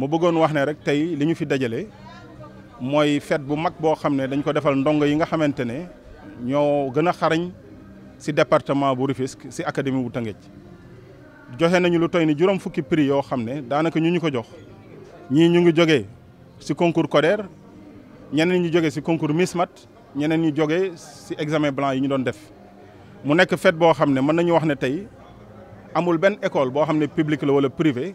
mu bëggoon wax ne rek tey li ñu fi dajale mooy fête bu mag boo xam ne dañ ko defal ndongo yi nga xamante ne ñoo gën a xarañ si département bu Rufisque si académie bu Tëngéej joxe nañu lu toy ni juróom fukki prix yoo xam ne daanaka ñu ñu ko jox ñii ñu ngi jógee si concours CODER ñeneen ñu jógee si concours Miss mat ñeneen ñu jógee si examen blanc yi ñu doon def mu nekk fête boo xam ne mën nañu wax ne tey amul benn école boo xam ne publique la wala privé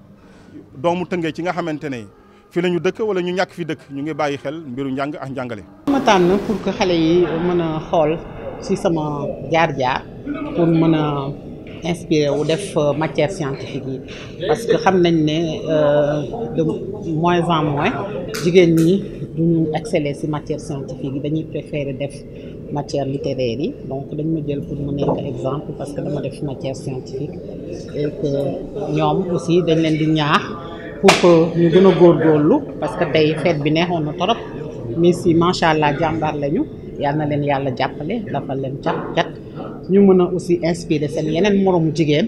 doomu tëngee ci nga xamante ne fi lañu dëkk wala ñu ñak fi dëkk ñu ngi bayyi xel mbiru njàng ak njàngale. ma tan pour que xalé yi mëna a xool ci sama jaar-jaar pour mëna inspiré wu def euh, matière scientifique yi parce que xam nañ ne euh, de moins en moins jigen ñi duñu exceller ci matière scientifique yi dañuy préférer def matière littéraire yi donc dañ ma jël pour mu nekk exemple parce que dama def matière scientifique et que ñoom aussi dañ leen di ñaax pour que ñu gën a góorlu parce que tey fête bi neexoon na torop mais si macha allah jàmbaar lañu yal na leen yàlla jàppale dafa leen cat cat ñu mën a aussi inspirer seen yeneen moroomu jigéen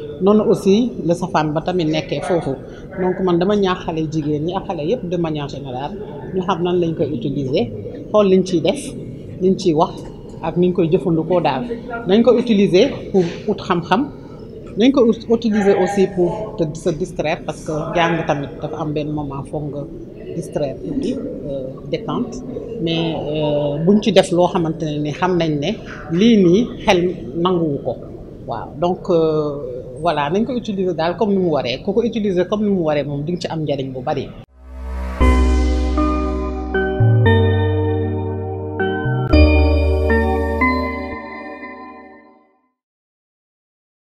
noonu aussi le sa femme ba tamit nekkee fofu donc man dama ñaax xale jigéen ñi ak xale yëpp de manière générale ñu xam nan lañ koy utiliser xol liñ ciy def liñ ciy wax ak niñ koy jëfandikoo daal nañ ko utiliser pour out xam-xam nañ ko utiliser aussi pour te se distraire parce que jàng tamit dafa am benn moment foog nga distraire tuuti euh, détente mais euh, buñ ci def loo xamante ne ni xam nañ ne lii nii xel nanguwu ko waaw donc. euh, voilà nañ ko utiliser daal comme ni mu waree ku ko utiliser comme ni mu waree moom di nga am njariñ bu bari.